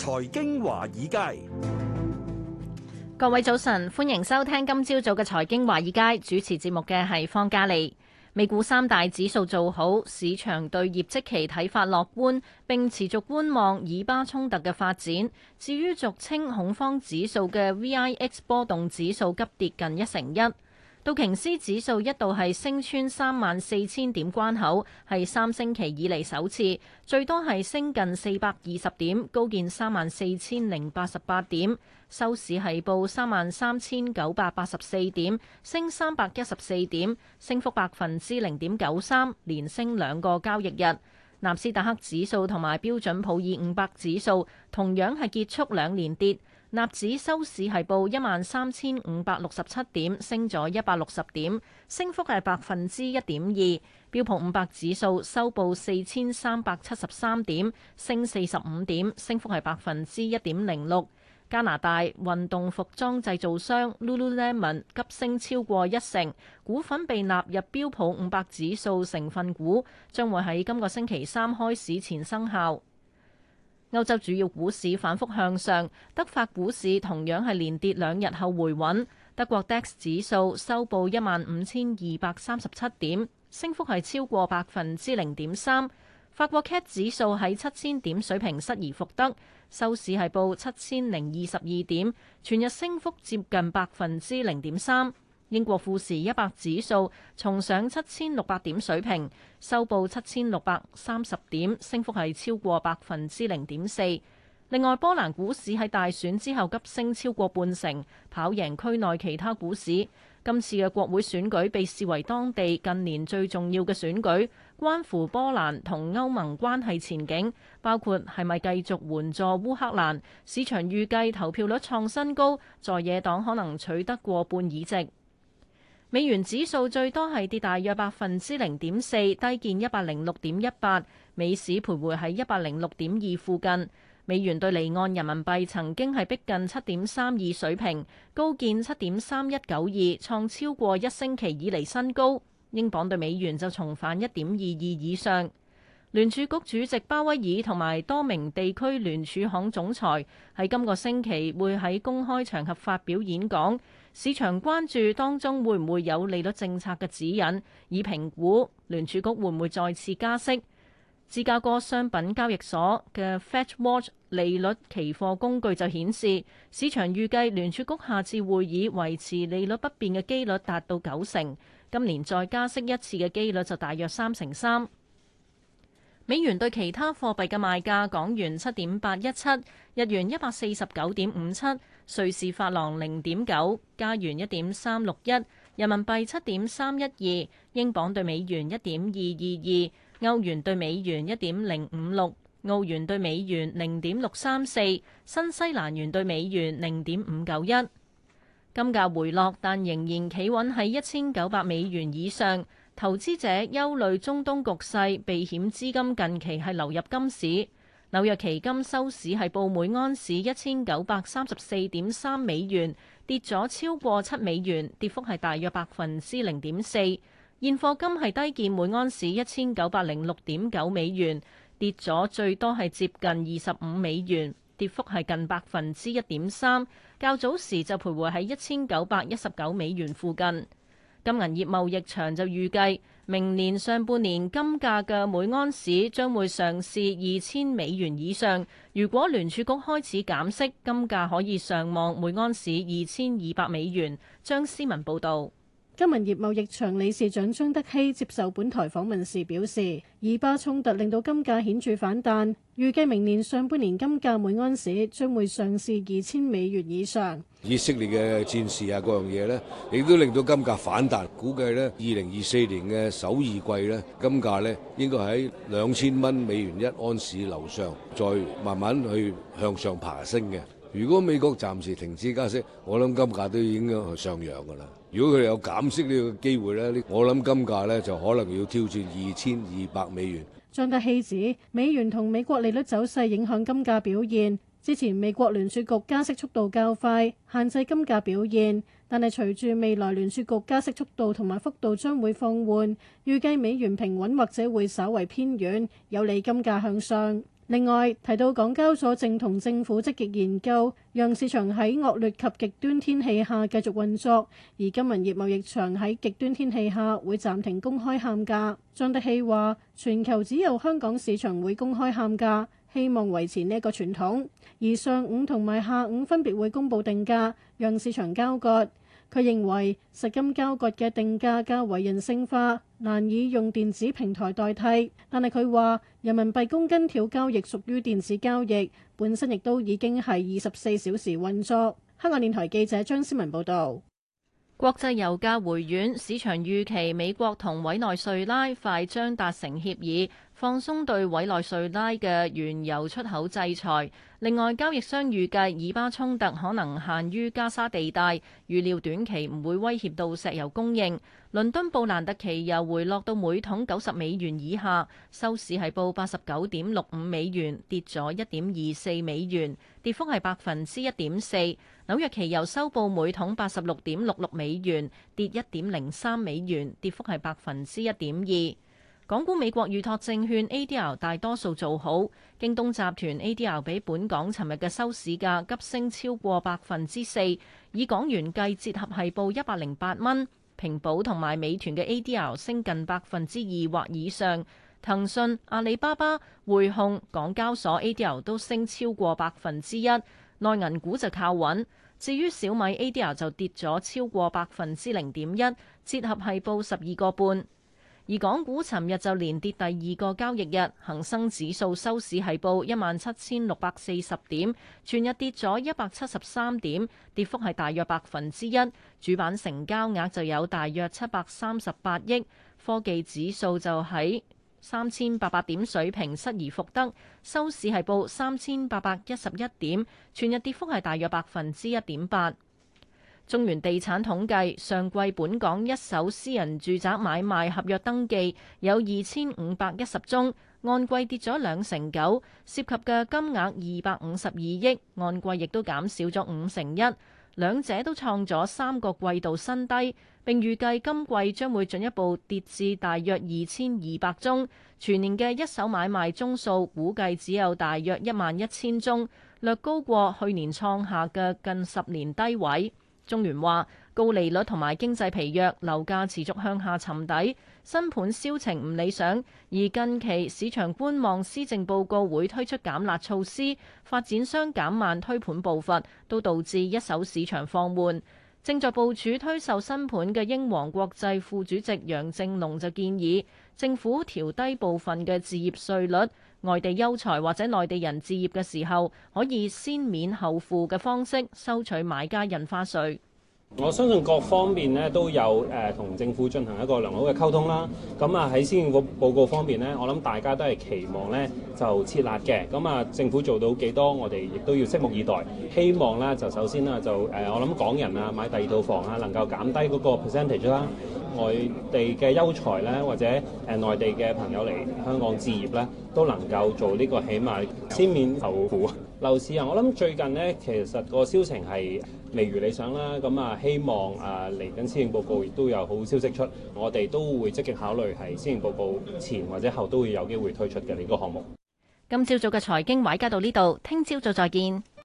財經華爾街，各位早晨，歡迎收聽今朝早嘅財經華爾街。主持節目嘅係方嘉利，美股三大指數做好，市場對業績期睇法樂觀，並持續觀望以巴衝突嘅發展。至於俗稱恐慌指數嘅 VIX 波動指數急跌近一成一。道瓊斯指數一度係升穿三萬四千點關口，係三星期以嚟首次，最多係升近四百二十點，高見三萬四千零八十八點，收市係報三萬三千九百八十四點，升三百一十四點，升幅百分之零點九三，連升兩個交易日。納斯達克指數同埋標準普爾五百指數同樣係結束兩連跌。納指收市係報一萬三千五百六十七點，升咗一百六十點，升幅係百分之一點二。標普五百指數收報四千三百七十三點，升四十五點，升幅係百分之一點零六。加拿大運動服裝製造商 Lululemon 急升超過一成，股份被納入標普五百指數成分股，將會喺今個星期三開市前生效。歐洲主要股市反覆向上，德法股市同樣係連跌兩日後回穩。德國 DAX 指數收報一萬五千二百三十七點，升幅係超過百分之零點三。法國 CAC 指數喺七千點水平失而復得，收市係報七千零二十二點，全日升幅接近百分之零點三。英國富時一百指數重上七千六百點水平，收報七千六百三十點，升幅係超過百分之零點四。另外，波蘭股市喺大選之後急升超過半成，跑贏區內其他股市。今次嘅國會選舉被視為當地近年最重要嘅選舉，關乎波蘭同歐盟關係前景，包括係咪繼續援助烏克蘭。市場預計投票率創新高，在野黨可能取得過半議席。美元指數最多係跌大約百分之零點四，低見一百零六點一八，美市徘徊喺一百零六點二附近。美元對離岸人民幣曾經係逼近七點三二水平，高見七點三一九二，創超過一星期以嚟新高。英鎊對美元就重返一點二二以上。聯儲局主席鮑威爾同埋多名地區聯儲行總裁喺今個星期會喺公開場合發表演講。市場關注當中會唔會有利率政策嘅指引，以評估聯儲局會唔會再次加息。芝加哥商品交易所嘅 Fed Watch 利率期貨工具就顯示，市場預計聯儲局下次會議維持利率不變嘅機率達到九成，今年再加息一次嘅機率就大約三成三。美元對其他貨幣嘅賣價，港元七點八一七，日元一百四十九點五七。瑞士法郎零點九，加元一點三六一，人民幣七點三一二，英鎊對美元一點二二二，歐元對美元一點零五六，澳元對美元零點六三四，新西蘭元對美元零點五九一。金價回落，但仍然企穩喺一千九百美元以上。投資者憂慮中東局勢，避險資金近期係流入金市。紐約期金收市係報每安士一千九百三十四點三美元，跌咗超過七美元，跌幅係大約百分之零點四。現貨金係低見每安士一千九百零六點九美元，跌咗最多係接近二十五美元，跌幅係近百分之一點三。較早時就徘徊喺一千九百一十九美元附近。金銀業貿易場就預計，明年上半年金價嘅每盎司將會上試二千美元以上。如果聯儲局開始減息，金價可以上望每盎司二千二百美元。張思文報道。今日，業貿易場理事長張德熙接受本台訪問時表示，以巴衝突令到金價顯著反彈，預計明年上半年金價每安士將會上市二千美元以上。以色列嘅戰士啊，各樣嘢呢，亦都令到金價反彈。估計呢，二零二四年嘅首二季呢，金價呢應該喺兩千蚊美元一安士樓上，再慢慢去向上爬升嘅。如果美國暫時停止加息，我諗金價都已經係上揚㗎啦。如果佢哋有減息呢個機會咧，我諗金價咧就可能要挑戰二千二百美元。張德喜指美元同美國利率走勢影響金價表現。之前美國聯儲局加息速度較快，限制金價表現。但係隨住未來聯儲局加息速度同埋幅度將會放緩，預計美元平穩或者會稍為偏軟，有利金價向上。另外提到，港交所正同政府積極研究，讓市場喺惡劣及極端天氣下繼續運作，而金銀業貿易場喺極端天氣下會暫停公開喊價。張德熙話：全球只有香港市場會公開喊價，希望維持呢個傳統。而上午同埋下午分別會公佈定價，讓市場交割。佢認為實金交割嘅定價較為人性化，難以用電子平台代替。但係佢話，人民幣公斤條交易屬於電子交易，本身亦都已經係二十四小時運作。香港電台記者張思文報導。國際油價回軟，市場預期美國同委內瑞拉快將達成協議。放鬆對委內瑞拉嘅原油出口制裁。另外，交易商預計以巴衝突可能限於加沙地帶，預料短期唔會威脅到石油供應。倫敦布蘭特期油回落到每桶九十美元以下，收市係報八十九點六五美元，跌咗一點二四美元，跌幅係百分之一點四。紐約期油收報每桶八十六點六六美元，跌一點零三美元，跌幅係百分之一點二。港股美國預託證券 ADR 大多數做好，京東集團 ADR 比本港尋日嘅收市價急升超過百分之四，以港元計折合係報一百零八蚊。平保同埋美團嘅 ADR 升近百分之二或以上，騰訊、阿里巴巴、匯控、港交所 ADR 都升超過百分之一。內銀股就靠穩，至於小米 ADR 就跌咗超過百分之零點一，折合係報十二個半。而港股尋日就連跌第二個交易日，恒生指數收市係報一萬七千六百四十點，全日跌咗一百七十三點，跌幅係大約百分之一。主板成交額就有大約七百三十八億。科技指數就喺三千八百點水平失而復得，收市係報三千八百一十一點，全日跌幅係大約百分之一點八。中原地產統計，上季本港一手私人住宅買賣合約登記有二千五百一十宗，按季跌咗兩成九，涉及嘅金額二百五十二億，按季亦都減少咗五成一，兩者都創咗三個季度新低，並預計今季將會進一步跌至大約二千二百宗，全年嘅一手買賣宗數估計只有大約一萬一千宗，略高過去年創下嘅近十年低位。中原話：高利率同埋經濟疲弱，樓價持續向下沉底，新盤銷情唔理想。而近期市場觀望，施政報告會推出減辣措施，發展商減慢推盤步伐，都導致一手市場放緩。正在部署推售新盤嘅英皇國際副主席楊正龍就建議政府調低部分嘅置業稅率，外地優才或者內地人置業嘅時候，可以先免後付嘅方式收取買家印花稅。我相信各方面咧都有誒同、呃、政府進行一個良好嘅溝通啦。咁啊喺施政報告方面咧，我諗大家都係期望咧就設立嘅。咁、嗯、啊，政府做到幾多，我哋亦都要拭目以待。希望咧就首先啦就誒、呃，我諗港人啊買第二套房啊，能夠減低嗰個 percentage 啦。外地嘅優才咧，或者誒內地嘅朋友嚟香港置業咧，都能夠做呢、這個起碼先免後付樓市啊。我諗最近呢，其實個銷情係未如理想啦。咁啊，希望啊嚟緊《施政報告》亦都有好消息出，我哋都會積極考慮係《施政報告》前或者後都會有機會推出嘅呢、這個項目。今朝早嘅財經話家到呢度，聽朝早再見。